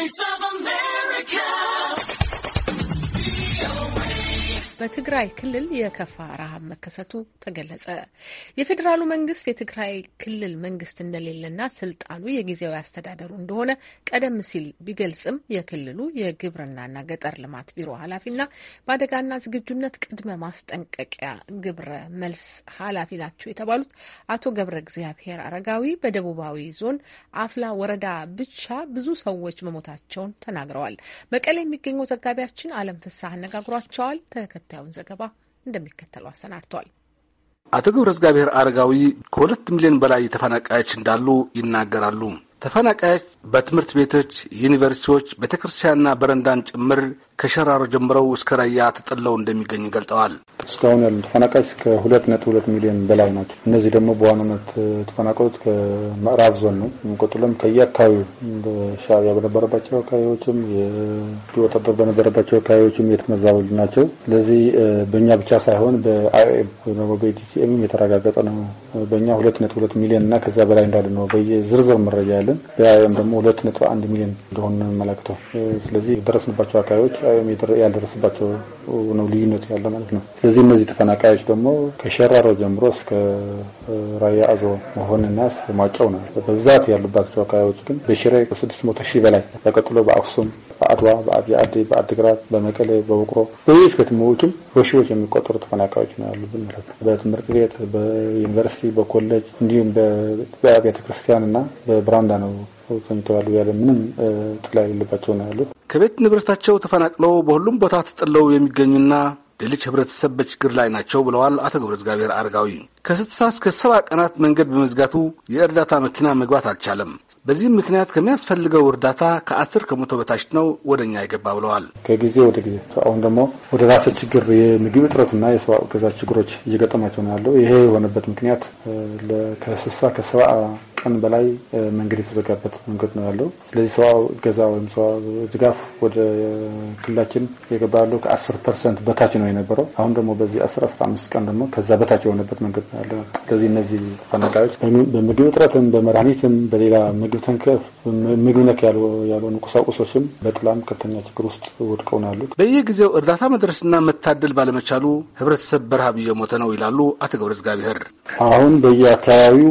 Voice of በትግራይ ክልል የከፋ ረሃብ መከሰቱ ተገለጸ። የፌዴራሉ መንግስት የትግራይ ክልል መንግስት እንደሌለና ስልጣኑ የጊዜያዊ አስተዳደሩ እንደሆነ ቀደም ሲል ቢገልጽም የክልሉ የግብርናና ገጠር ልማት ቢሮ ኃላፊና በአደጋና ዝግጁነት ቅድመ ማስጠንቀቂያ ግብረ መልስ ኃላፊ ናቸው የተባሉት አቶ ገብረ እግዚአብሔር አረጋዊ በደቡባዊ ዞን አፍላ ወረዳ ብቻ ብዙ ሰዎች መሞታቸውን ተናግረዋል። መቀሌ የሚገኘው ዘጋቢያችን አለም ፍሳህ አነጋግሯቸዋል። ተከታዩን ዘገባ እንደሚከተለው አሰናድቷል። አቶ ገብረ እግዚአብሔር አረጋዊ ከሁለት ሚሊዮን በላይ ተፈናቃዮች እንዳሉ ይናገራሉ። ተፈናቃዮች በትምህርት ቤቶች፣ ዩኒቨርሲቲዎች፣ ቤተክርስቲያንና በረንዳን ጭምር ከሸራሮ ጀምረው እስከ ራያ ተጠለው እንደሚገኝ ገልጠዋል። እስካሁን ያሉ ተፈናቃይ እስከ ሁለት ነጥብ ሁለት ሚሊዮን በላይ ናቸው። እነዚህ ደግሞ በዋናነት የተፈናቀሉት ከምዕራብ ዞን ነው። የሚቆጥለም ከየአካባቢው በሻዕቢያ በነበረባቸው አካባቢዎችም ወታደር በነበረባቸው አካባቢዎችም የተመዛበሉ ናቸው። ስለዚህ በእኛ ብቻ ሳይሆን በአይኤም በኢቲኤም የተረጋገጠ ነው። በእኛ ሁለት ነጥብ ሁለት ሚሊዮን እና ከዛ በላይ እንዳሉ ነው በየዝርዝር መረጃ ያለን። በአይኤም ደግሞ ሁለት ነጥብ አንድ ሚሊዮን እንደሆነ መለክተው ስለዚህ የደረስንባቸው አካባቢዎች ያልደረስባቸው ነው ልዩነቱ ያለ ማለት ነው። ስለዚህ እነዚህ ተፈናቃዮች ደግሞ ከሸራሮ ጀምሮ እስከ ራያ አዞ መሆንና እስከ ማጫው ነው በብዛት ያሉባቸው አካባቢዎች ግን በሽሬ ከስድስት መቶ ሺህ በላይ ተቀጥሎ በአክሱም፣ በአድዋ፣ በአብይ አዲ፣ በአድግራት፣ በመቀሌ፣ በውቅሮ በሌሎች ከተሞችም በሺዎች የሚቆጠሩ ተፈናቃዮች ነው ያሉብን ማለት ነው። በትምህርት ቤት፣ በዩኒቨርሲቲ፣ በኮሌጅ እንዲሁም በኢትዮጵያ ቤተክርስቲያን እና በብራንዳ ነው ተኝተዋሉ ያለ ምንም ጥላ የሌለባቸው ነው ያሉት። ከቤት ንብረታቸው ተፈናቅለው በሁሉም ቦታ ተጠለው የሚገኙና ሌሎች ህብረተሰብ በችግር ላይ ናቸው ብለዋል አቶ ገብረ እግዚአብሔር አረጋዊ። ከስትሳ እስከ ሰባ ቀናት መንገድ በመዝጋቱ የእርዳታ መኪና መግባት አልቻለም። በዚህም ምክንያት ከሚያስፈልገው እርዳታ ከአስር ከመቶ በታች ነው ወደ እኛ የገባ ብለዋል። ከጊዜ ወደ ጊዜ አሁን ደግሞ ወደ ራሰ ችግር የምግብ እጥረትና የሰብአዊ እገዛ ችግሮች እየገጠማቸው ነው ያለው። ይሄ የሆነበት ምክንያት ከስልሳ ከሰባ ቀን በላይ መንገድ የተዘጋበት መንገድ ነው ያለው። ስለዚህ ሰው ገዛ ወይም ሰው ድጋፍ ወደ ክልላችን የገባ ያለው ከአስር ፐርሰንት በታች ነው የነበረው። አሁን ደግሞ በዚህ አስር አስራ አምስት ቀን ደግሞ ከዛ በታች የሆነበት መንገድ ነው ያለ። ስለዚህ እነዚህ ተፈናቃዮች በምግብ እጥረትም፣ በመድኃኒትም፣ በሌላ ምግብ ተንከፍ ምግብ ነክ ያልሆኑ ቁሳቁሶችም በጥላም ከፍተኛ ችግር ውስጥ ወድቀው ነው ያሉት። በየጊዜው እርዳታ መድረስና መታደል ባለመቻሉ ህብረተሰብ በረሃብ እየሞተ ነው ይላሉ አቶ ገብረ እግዚአብሔር። አሁን በየአካባቢው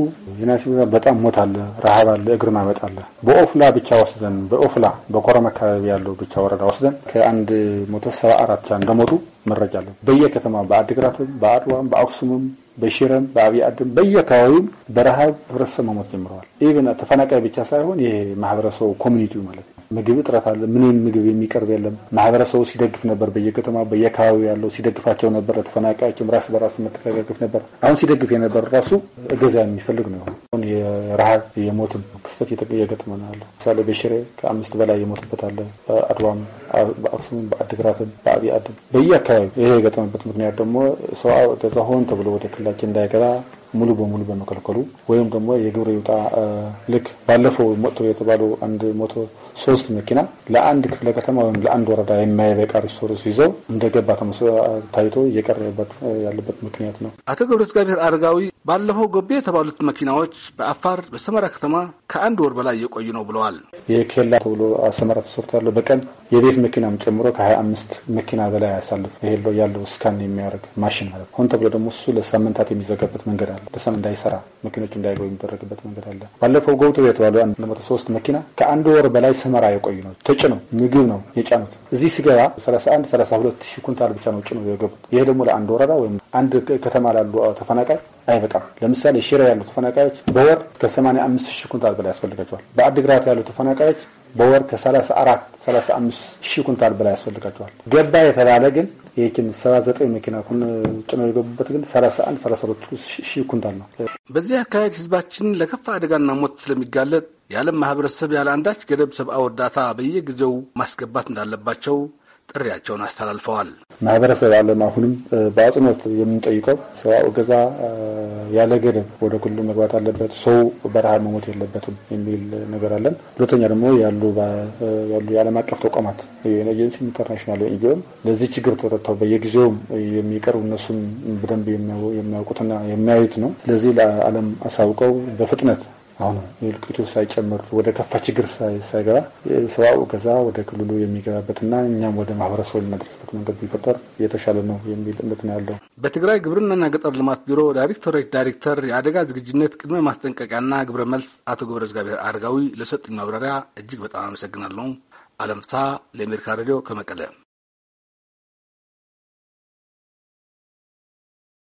በጣም ሞት አለ፣ ረሃብ አለ፣ እግር ማበጥ አለ። በኦፍላ ብቻ ወስደን በኦፍላ በኮረም አካባቢ ያለው ብቻ ወረዳ ወስደን ከአንድ ሞተ ሰባ አራት እንደሞቱ መረጃ አለ። በየከተማው በአድግራትም፣ በአድዋም፣ በአክሱምም በሽረም በአብይ አድም በየአካባቢውም በረሃብ ህብረተሰብ መሞት ጀምረዋል። ኢቨን ተፈናቃይ ብቻ ሳይሆን ይሄ ማህበረሰቡ ኮሚኒቲው ማለት ነው። ምግብ እጥረት አለ። ምንም ምግብ የሚቀርብ የለም። ማህበረሰቡ ሲደግፍ ነበር፣ በየከተማ በየአካባቢው ያለው ሲደግፋቸው ነበር። ተፈናቃያቸውም ራስ በራስ መተጋገፍ ነበር። አሁን ሲደግፍ የነበር ራሱ እገዛ የሚፈልግ ነው። አሁን የረሃብ የሞትም ክስተት እየገጠመን አለ። ምሳሌ በሽሬ ከአምስት በላይ የሞትበት አለ። በአድዋም፣ በአክሱም፣ በአድግራትም፣ በአብ አድም በየአካባቢው ይሄ የገጠመበት ምክንያት ደግሞ ሰው ገዛ ሆን ተብሎ ወደ ክልላችን እንዳይገባ ሙሉ በሙሉ በመከልከሉ ወይም ደግሞ የግብር ይውጣ ልክ ባለፈው ሞቶ የተባሉ አንድ ሞቶ ሶስት መኪና ለአንድ ክፍለ ከተማ ወይም ለአንድ ወረዳ የማይበቃ ሪሶርስ ይዘው እንደገባ ታይቶ እየቀረበት ያለበት ምክንያት ነው። አቶ ገብረ እግዚአብሔር አረጋዊ ባለፈው ጎቤ የተባሉት መኪናዎች በአፋር በሰመራ ከተማ ከአንድ ወር በላይ እየቆዩ ነው ብለዋል። የኬላ ተብሎ አሰመራ ተሰርቶ ያለው በቀን የቤት መኪናም ጨምሮ ከሀያ አምስት መኪና በላይ አያሳልፍ። ይሄ ያለው ስካን የሚያደርግ ማሽን ማለት ሆን ተብሎ ደግሞ እሱ ለሳምንታት የሚዘጋበት መንገድ አለ። ይሆናል። በሰም እንዳይሰራ መኪኖች እንዳይገቡ የሚደረግበት መንገድ አለ። ባለፈው ገብቶ የተባለ መቶ ሶስት መኪና ከአንድ ወር በላይ ስመራ የቆዩ ነው። ተጭኖ ምግብ ነው የጫኑት። እዚህ ሲገባ 31 32 ሺህ ኩንታል ብቻ ነው ጭኖ የገቡት። ይሄ ደግሞ ለአንድ ወረዳ ወይም አንድ ከተማ ላሉ ተፈናቃይ አይበቃም። ለምሳሌ ሽሬ ያሉ ተፈናቃዮች በወር ከ85 ሺህ ኩንታል በላይ ያስፈልጋቸዋል። በአድግራት ያሉ ተፈናቃዮች በወር ከ34 35 ሺህ ኩንታል በላይ ያስፈልጋቸዋል። ገባ የተባለ ግን ይህችን 79 መኪና ጭነው የገቡበት ግን 31 32 ሺህ ኩንታል ነው። በዚህ አካባቢ ህዝባችን ለከፋ አደጋና ሞት ስለሚጋለጥ የዓለም ማህበረሰብ ያለ አንዳች ገደብ ሰብአዊ እርዳታ በየጊዜው ማስገባት እንዳለባቸው ጥሪያቸውን አስተላልፈዋል። ማህበረሰብ ያለን አሁንም በአጽንኦት የምንጠይቀው ሰብአዊ እገዛ ያለ ገደብ ወደ ክልሉ መግባት አለበት፣ ሰው በረሃብ መሞት የለበትም የሚል ነገር አለን። ሁለተኛ ደግሞ ያሉ የዓለም አቀፍ ተቋማት ኤጀንሲ ኢንተርናሽናል ኢዮም ለዚህ ችግር ተጠጥተው በየጊዜውም የሚቀርቡ እነሱም በደንብ የሚያውቁትና የሚያዩት ነው። ስለዚህ ለዓለም አሳውቀው በፍጥነት አሁን ምልክቱ ሳይጨምር ወደ ከፋ ችግር ሳይገባ ሰብአዊ እገዛ ወደ ክልሉ የሚገባበትና እኛም ወደ ማህበረሰቡ የምናደርስበት መንገድ ቢፈጠር የተሻለ ነው የሚል እምነት ነው ያለው። በትግራይ ግብርናና ገጠር ልማት ቢሮ ዳይሬክተሮች ዳይሬክተር የአደጋ ዝግጅነት ቅድመ ማስጠንቀቂያና ግብረ መልስ አቶ ገብረ እግዚአብሔር አረጋዊ ለሰጡኝ ማብራሪያ እጅግ በጣም አመሰግናለሁ። አለም ለአሜሪካ ሬዲዮ ከመቀለ